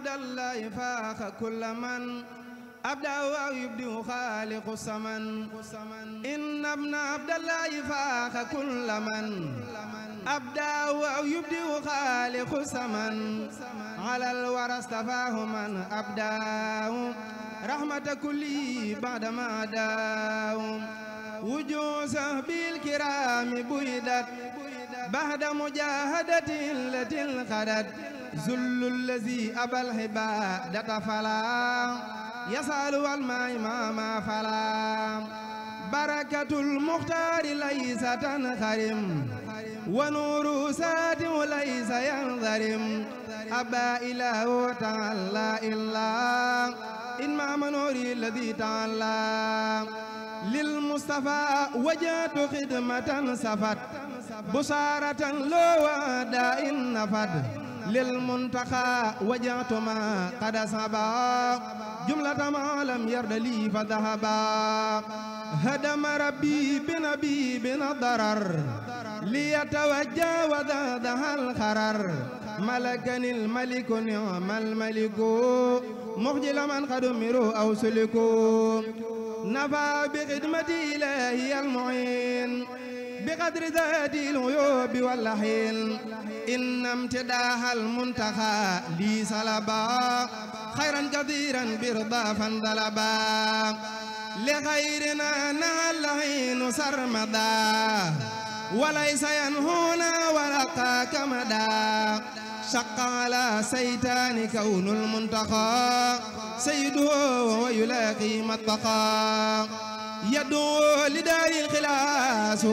abdallahi faaxa kulla man abda wa yubdiu xaaliqu saman inna abna abdallahi faaxa kulla man abda wa yubdiu xaaliqu saman alal waras tafaahu man abdaahu rahmata kulli baadama daahu wujuu sahbil kiraami buydat bahda mujaahadatin latil xadat زل الذي أبى العبادة فلا يسأل والماء ما فلا بركة المختار ليس تنخرم ونور ساتم ليس ينظرم أبى إله تعالى إلا إنما منوري الذي تعالى للمصطفى وجهت خدمة سفت بصارة لو داء نفد للمنتقى وجعت ما قد سبا جملة ما لم يرد لي فذهبا هدم ربي بنبي بن ضرر ليتوجى وذاذها الخرر ملكني الملك نعم الملك مخجل من قد أمروا أو سلكوا نفى بخدمة إلهي المعين بقدر ذات العيوب واللحيل إن امتداها المنتهى لي سلبا خيرا كثيرا برضا فاندلبا لغيرنا نهى اللعين سرمدا وليس ينهونا ولقاك مدى شق على سيتان كون المنتقى سيده ويلاقي مطقى يدعو لدار الخلاس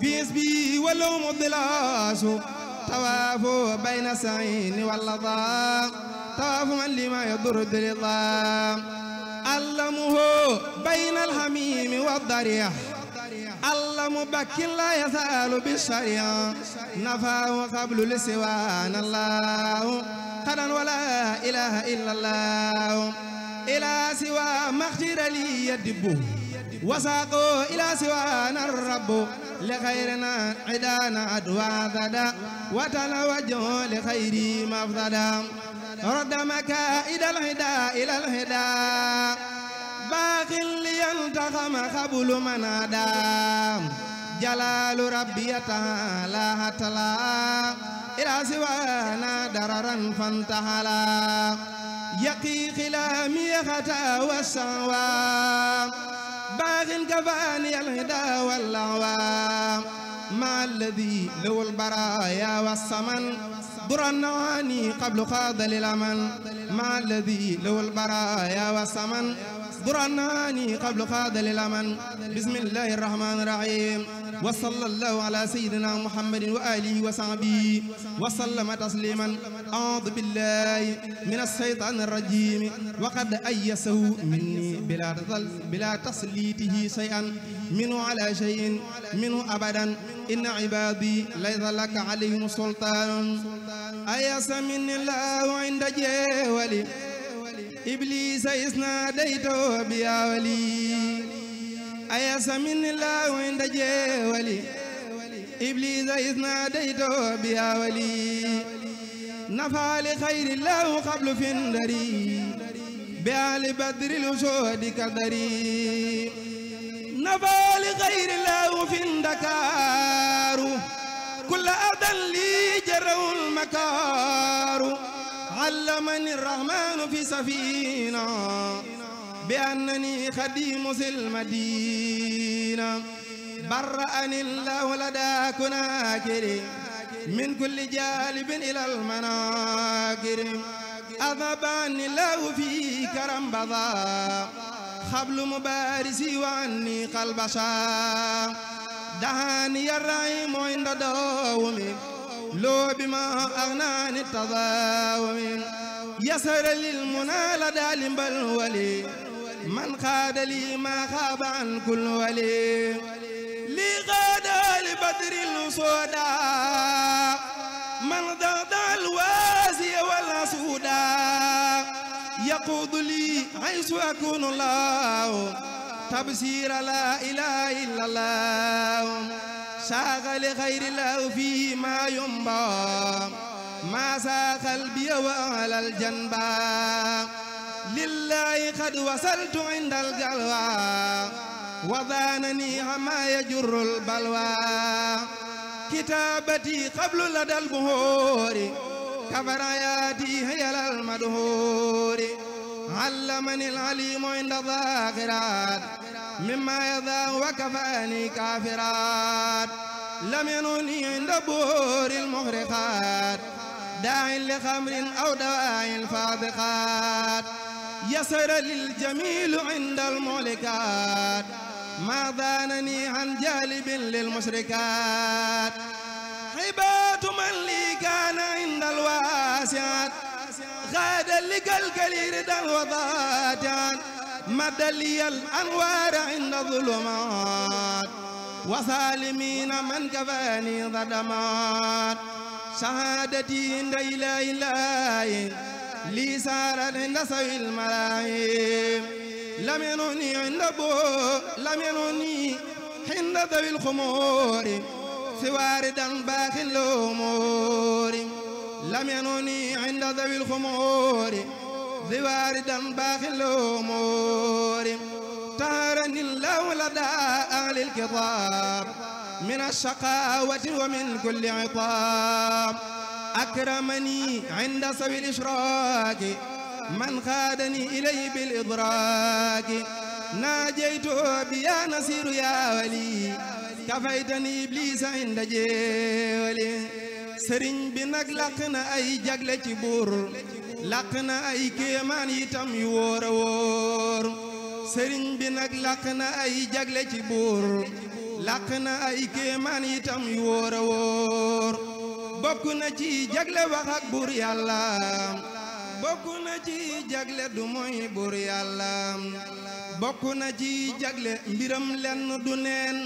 بيسبي واللوم الضلاس طواف بين السعين واللظام طواف من لما يضر الظلام ألمه بين الحميم والضريح ألم بك لا يزال بالشريعة نفاه قبل لسوان الله قدا ولا إله إلا الله إلى سوى مغفر لي يدبه وساقوا إلى سوانا الرب لخيرنا عدانا أدواثدا وتلوجه لخير مفضدا رد مكائد الهدى إلى الهدى باق لينتقم خبل من آدام جلال ربي تعالى هتلا إلى سوانا دررا فانتهلا يقي خلامي ختا والسوام baax kafaani alhida wallawaa ma alladi lahu albaraya wassaman dura nawaani qablu xaadalil aman ma alladi lahu albaraya wassaman dura nawaani qablu xaadalil aman bismillahi rahmaani rahim wa sallallahu ala sayyidina muhammadin wa alihi wa sahbihi wa sallama tasliman a'udhu billahi minash shaytanir rajim wa qad ayyasahu minni bila bila taslitihi shay'an minhu ala shay'in minhu abadan inna ibadi laysa laka alayhim sultan ayasa minni llahu inda jawali iblisa isnadaytu bi awli ayaasa minni laahu inda jeewali ibliisa isna daytoo biyaa wali nafaali xayri laahu qablu findari bi ali badri lu soodi kadari nafaali xayri laahu findakaaru kulla adan lii jarawul makaaru allamani rahmaanu fi safiina bi annani xadimu silmadina barra'ani llahu lada kunaakiri min kulli jalibin ila almanakiri adhabani llahu fi karam bada xablu mubarisi wa anni qalbasha dahani yarrahimu inda dawmi loo bima agnaani tadawmi yasara lilmunaa lada limbal wali man xaada lii maa xaaba an kul wali lii xaada li badril sooda man dardal waasiya wala suuda yaquudu lii haysu akunu laaw tabsiira laa ilaaha illa laaw saaqa li xayri laaw fii maa yomba maa saaqa albiya wa alal janba لله قد وصلت عند القلوى وضانني عما يجر البلوى كتابتي قبل لدى البهور كبراياتي هي المدهور علمني العليم عند الذاكرات مما يذا وكفاني كافرات لم ينوني عند بور المغرقات داع لخمر أو دواء فاضقات يسر للجميل عند المهلكات ما ذانني عن جالب للمشركات عبات من لي كان عند الواسعات غادا لكالكلير دا وضاتان مد لي الأنوار عند الظلمات وسالمين من كفاني ظلمات شهادتي عند إله إلهي لي سارت عند سوي المراهيم لم ينوني عند بو لم ينوني عند ذوي الخمور سواردا باق الأمور لم ينوني عند ذوي الخمور سواردا باق الأمور طهرني الله لدى أهل الكتاب من الشقاوة ومن كل عطاب أكرمني عند سوي الإشراك من خادني إليه بالإدراك ناجيته بيا نصير يا ولي كفيتني إبليس عند جيولي sëriñ bi nag làq na ay jagle ci buur làq na ay kéemaan itam yu wóor a wóor sëriñ bi nag làq na ay jagle ci buur làq na ay kéemaan itam yu wóor a wóor bokk na ci jagle wax ak buur yàlla bokk na ci jagle du mooy buur yàlla bokk na ci jagle mbiram lenn du neen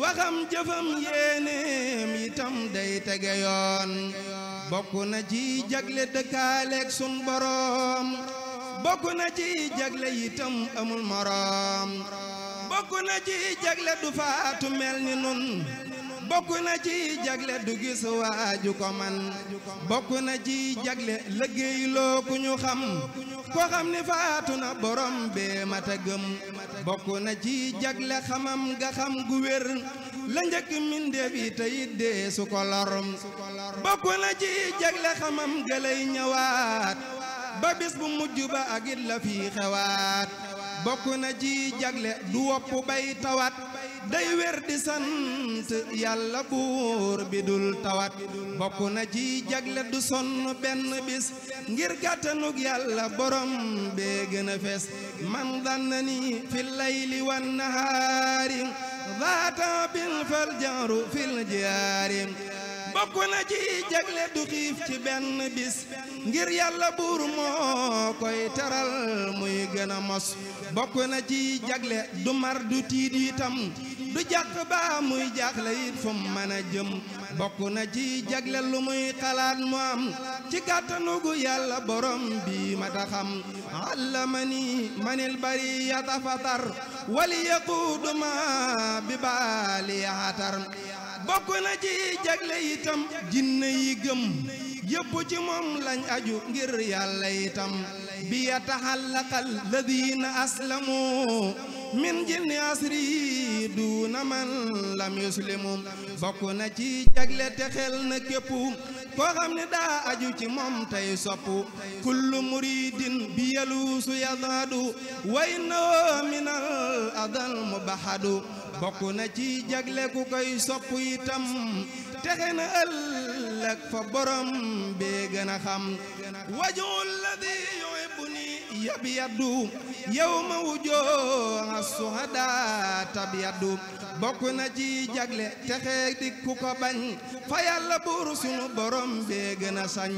waxam jëfam yéeneem itam day tege yoon bokk na ci jagle dëkkaaleeg sun boroom bokk na ci jagle itam amul moroom bokk na ci jagle du faatu mel nun bokk na ci jagle du gis waaju ko man bokk na ci jagle liggéey loo ku ñu xam ko xam ni faatu na borom bee mata bokk na ci jagle xamam ga xam gu wér la njëkk mbindeef yi tey dee su ko lor bokk na ci jagle xamam ga lay ñëwaat ba bis bu mujj ba ak la fi xewaat bokk na ci jagle du wopp bay tawat day wér di sant yàlla buur bi dul tawat bokk na ci jagle du sonn benn bis ngir gàttanug yàlla borom bee gën a fees man danna ni fi layli wan nahaari zaata bil fal jaaru fil jaari bokk ci jagle du xiif ci benn bis ngir yàlla buur moo koy teral muy gën mos bokk na ci jagle du mar du tiit itam du jàq baa muy jaaxle it fu mu a jëm bokk ci jagle lu muy xalaat mu am ci kàttanugu yàlla borom bi ma ta xam allamani manil bariyata fatar wali yaquuduma bi baali bokk na ci jagle itam jinne yi gëm yépp ci moom lañ aju ngir yàlla itam بيتحلق الذين أسلموا من جن عصري دون من لم يسلموا bokk na ci jagle te na képp koo xam ne daa aju ci moom tey soppu kullu muridin bi yaluusu yadaadu wa innahu minal adal mubahadu bokk na ci jagle ku koy soppu itam texe na ëllëg fa borom bee gën xam yabiyadu yawma wujoo asuhada tabiyadu bokk na ci jagle texe di ku ko bañ fa yàlla buur sunu borom bee gën a sañ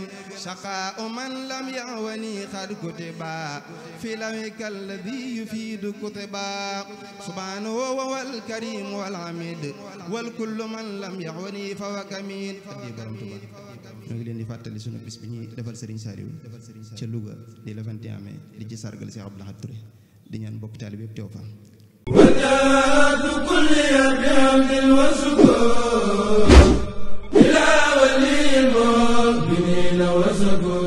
saqa uman lam yawani xad kutiba fi lawika alladi yufiidu kutiba subhanahu wa wal karim wal hamid wal kullu man lam yawani fa wakamin ñoo ngi leen di fàttali suñu bis bi ñuy defal Serigne Saliou ca Louga di le 21 mai di ci sargal Cheikh Abdou Lahad Touré di ñaan bokk taalibe yëpp teew fa